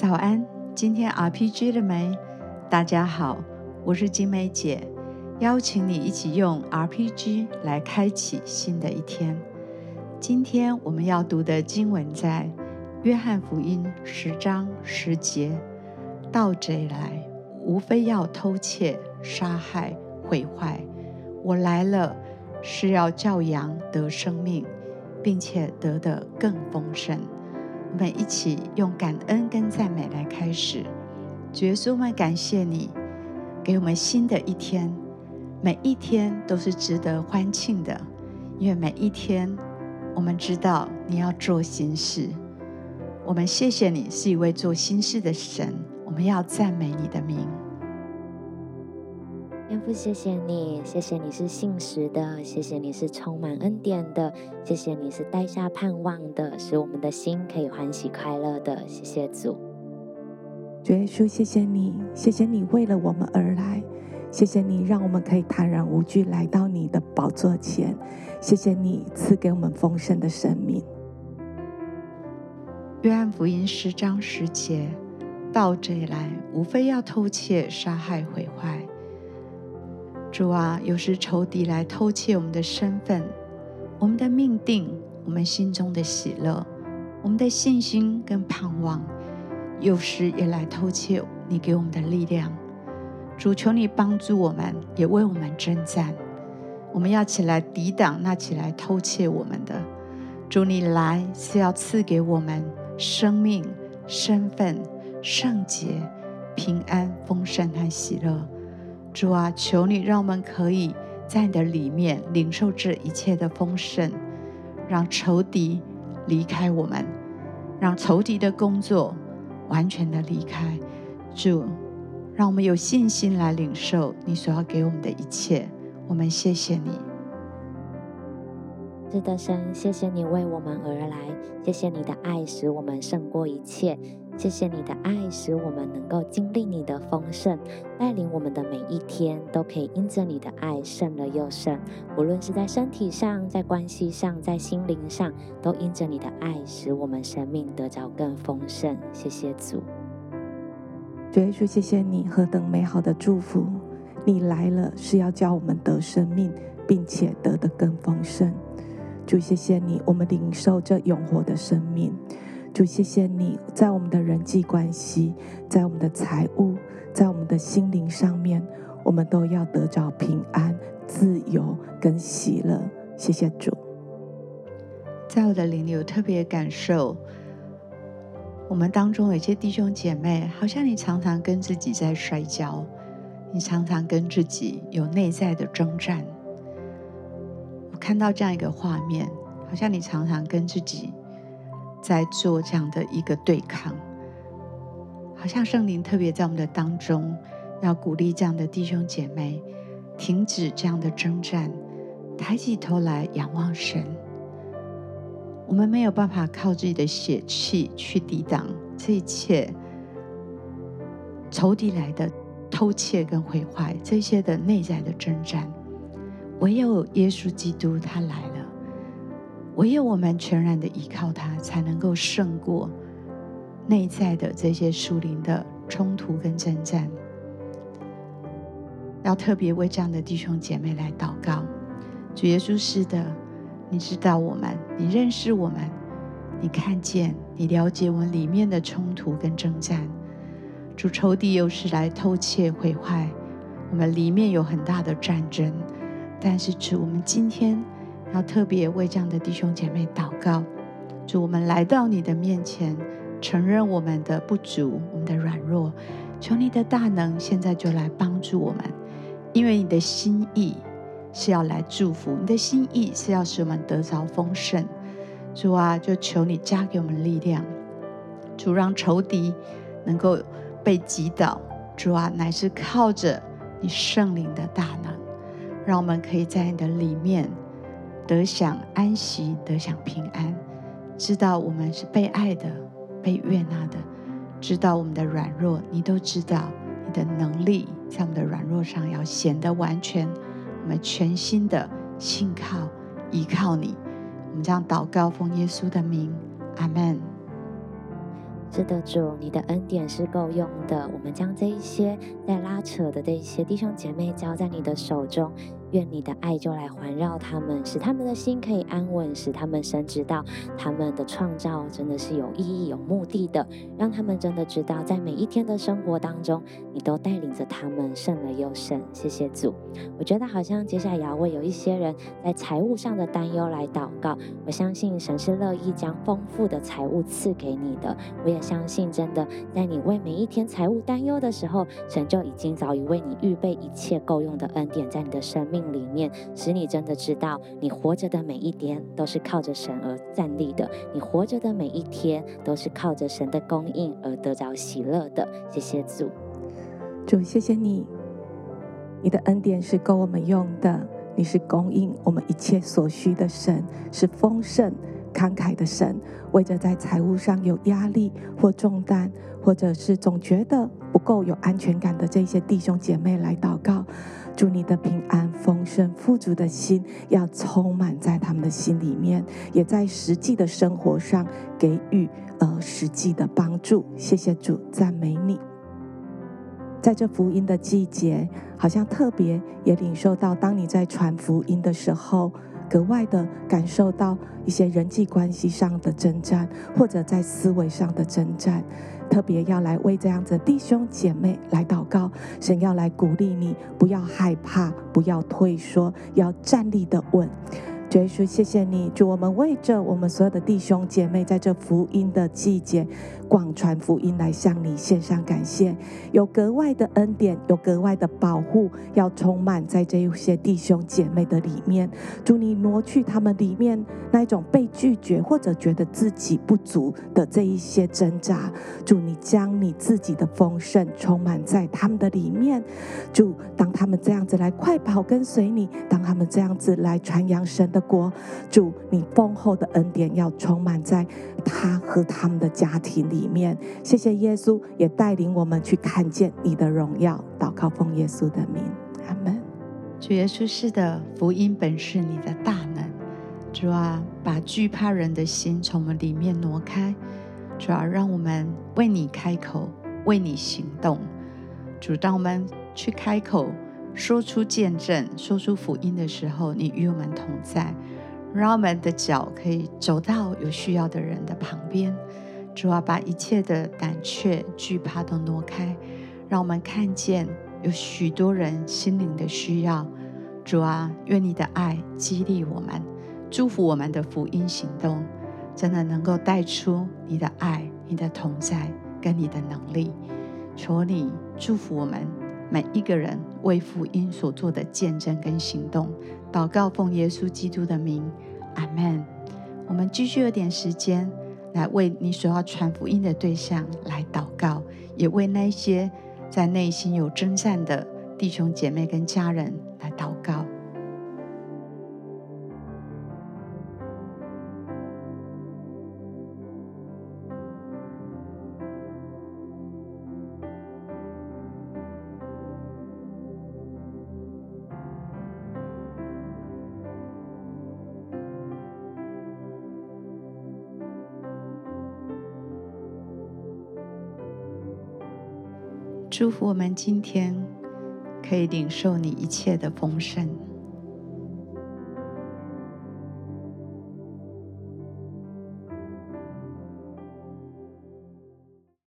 早安，今天 RPG 了沒？大家好，我是晶玫姊，邀請你一起用 RPG 來開啟新的一天。今天我們要讀的經文在《約翰福音》十章十節：“盜賊來，無非要偷竊、殺害、毀壞。我來了，是要叫羊得生命，並且得的更豐盛。”我們一起用感恩跟讚美來開始。主耶穌，我們感謝你，給我們新的一天。每一天都是值得歡慶的，因為每一天我們知道你要做新事。我們謝謝你是一位做新事的神，我們要讚美你的名。天父，謝謝你，謝謝你是信實的，謝謝你是充滿恩典的，謝謝你是帶下盼望的，使我們的心可以歡喜快樂的。謝謝主，主耶穌，謝謝你，謝謝你為了我們而來，謝謝你讓我們可以坦然無懼來到你的寶座前，謝謝你賜給我們豐盛的生命。約翰福音十章十節：盜賊來，無非要偷竊、殺害、毀壞。主啊，有時仇敵來偷竊我們的身份、我們的命定、我們心中的喜樂、我們的信心跟盼望，有時也來偷竊你給我們的力量。主，求你幫助我們，也為我們征戰。我們要起來抵擋那起來偷竊我們的。主，你來是要賜給我們生命、身份、聖潔、平安、豐盛和喜樂。主啊，求你讓我們可以在你的裡面領受這一切的豐盛，讓仇敵離開我們，讓仇敵的工作完全的離開。主，讓我們有信心來領受你所要給我們的一切。我們謝謝你，是的，神，謝謝你為我們而來，謝謝你的愛使我們勝過一切。謝謝你的愛，使我們能夠經歷你的豐盛，帶領我們的每一天都可以因着你的愛勝了又勝。無論是在身體上，在關係上，在心靈上，都因着你的愛，使我們生命得着更豐盛。謝謝主，主耶穌，謝謝你何等美好的祝福，你來了是要叫我們得生命，並且得的更豐盛。主謝謝你，我們領受這永活的生命。就謝謝你在我們的人際關係，在我們的財務，在我們的心靈上面，我們都要得着平安、自由跟喜樂。謝謝主。在我的靈裡我特別感受，我們當中有些弟兄姐妹，好像你常常跟自己在摔跤，你常常跟自己有內在的征戰。我看到這樣一個畫面，好像你常常跟自己在做這樣的一個對抗，好像聖靈特別在我們的當中，要鼓勵這樣的弟兄姐妹停止這樣的征戰，抬起頭來仰望神。我們沒有辦法靠自己的血氣去抵擋這一切仇敵來的偷竊跟毀壞，這些的內在的征戰，唯有耶穌基督他來。唯有我們全然的依靠他，才能夠勝過內在的這些屬靈的衝突跟征戰。要特別為這樣的弟兄姐妹來禱告，主耶穌，是的，你知道我們，你認識我們，你看見，你了解我們裡面的衝突跟征戰。主，仇敵又是來偷竊毀壞，我們裡面有很大的戰爭，但是主，我們今天。要特別為這樣的弟兄姐妹禱告，主，我們來到你的面前，承認我們的不足，我們的軟弱，求你的大能現在就來幫助我們，因為你的心意是要來祝福，你的心意是要使我們得着豐盛，主啊，就求你加給我們力量，主讓仇敵能夠被擊倒，主啊，乃是靠着你聖靈的大能，讓我們可以在你的裡面。得享安息，得享平安，知道我們是被愛的、被悅納的，知道我們的軟弱，你都知道。你的能力在我們的軟弱上，要顯得完全。我們全心的信靠、依靠你。我們將禱告奉耶穌的名，阿門。是的，主，你的恩典是夠用的。我們將這一些在拉扯的這一些弟兄姐妹交在你的手中。願你的愛就來環繞他們，使他們的心可以安穩，使他們深知道他們的創造真的是有意義、有目的的，讓他們真的知道，在每一天的生活當中，你都帶領着他們勝了又勝。謝謝主，我覺得好像接下來要為有一些人在財務上的擔憂來禱告。我相信神是樂意將豐富的財物賜給你的，我也相信真的，在你為每一天財務擔憂的時候，神就已經早已為你預備一切夠用的恩典在你的生命。裡面，使你真的知道，你活着的每一天都是靠着神而站立的；你活着的每一天都是靠着神的供應而得着喜樂的。謝謝主，主謝謝你，你的恩典是夠我們用的，你是供應我們一切所需的神，是豐盛。慷慨的神，為着在財務上有壓力或重擔，或者是總覺得不夠有安全感的這些弟兄姐妹來禱告，祝你的平安、豐盛、富足的心要充滿在他們的心裡面，也在實際的生活上給予呃實際的幫助。謝謝主，讚美你。在這福音的季節，好像特別也領受到，當你在傳福音的時候。格外的感受到一些人際關係上的征戰，或者在思維上的征戰，特別要來為這樣子的弟兄姐妹來禱告，神要來鼓勵你，不要害怕，不要退縮，要站立的穩。主耶穌，謝謝你，主，我們為着我們所有的弟兄姐妹，在這福音的季節。廣傳福音，來向你獻上感謝，有格外的恩典，有格外的保護，要充滿在這一些弟兄姐妹的裡面。主，你挪去他們裡面那一種被拒絕或者覺得自己不足的這一些掙扎。主，你將你自己的豐盛充滿在他們的裡面。就當他們這樣子來快跑跟隨你，當他們這樣子來傳揚神的國。主，你豐厚的恩典要充滿在他和他們的家庭裡裡面，謝謝耶穌，也帶領我們去看見你的榮耀。禱告奉耶穌的名，阿門。主耶穌是的，福音本是你的大能。主啊，把懼怕人的心從我們裡面挪開。主啊，讓我們為你開口，為你行動。主，當我們去開口說出見證、說出福音的時候，你與我們同在，讓我們的腳可以走到有需要的人的旁邊。主啊，把一切的膽怯、懼怕都挪開，讓我們看見有許多人心靈的需要。主啊，願你的愛激勵我們，祝福我們的福音行動，真的能夠帶出你的愛、你的同在跟你的能力。求你祝福我們每一個人為福音所做的見證跟行動。禱告，奉耶穌基督的名，阿門。我們繼續有點時間。來為你所要傳福音的對象來禱告，也為那些在內心有爭戰的弟兄姐妹跟家人來禱告。祝福我們今天可以領受你一切的豐盛。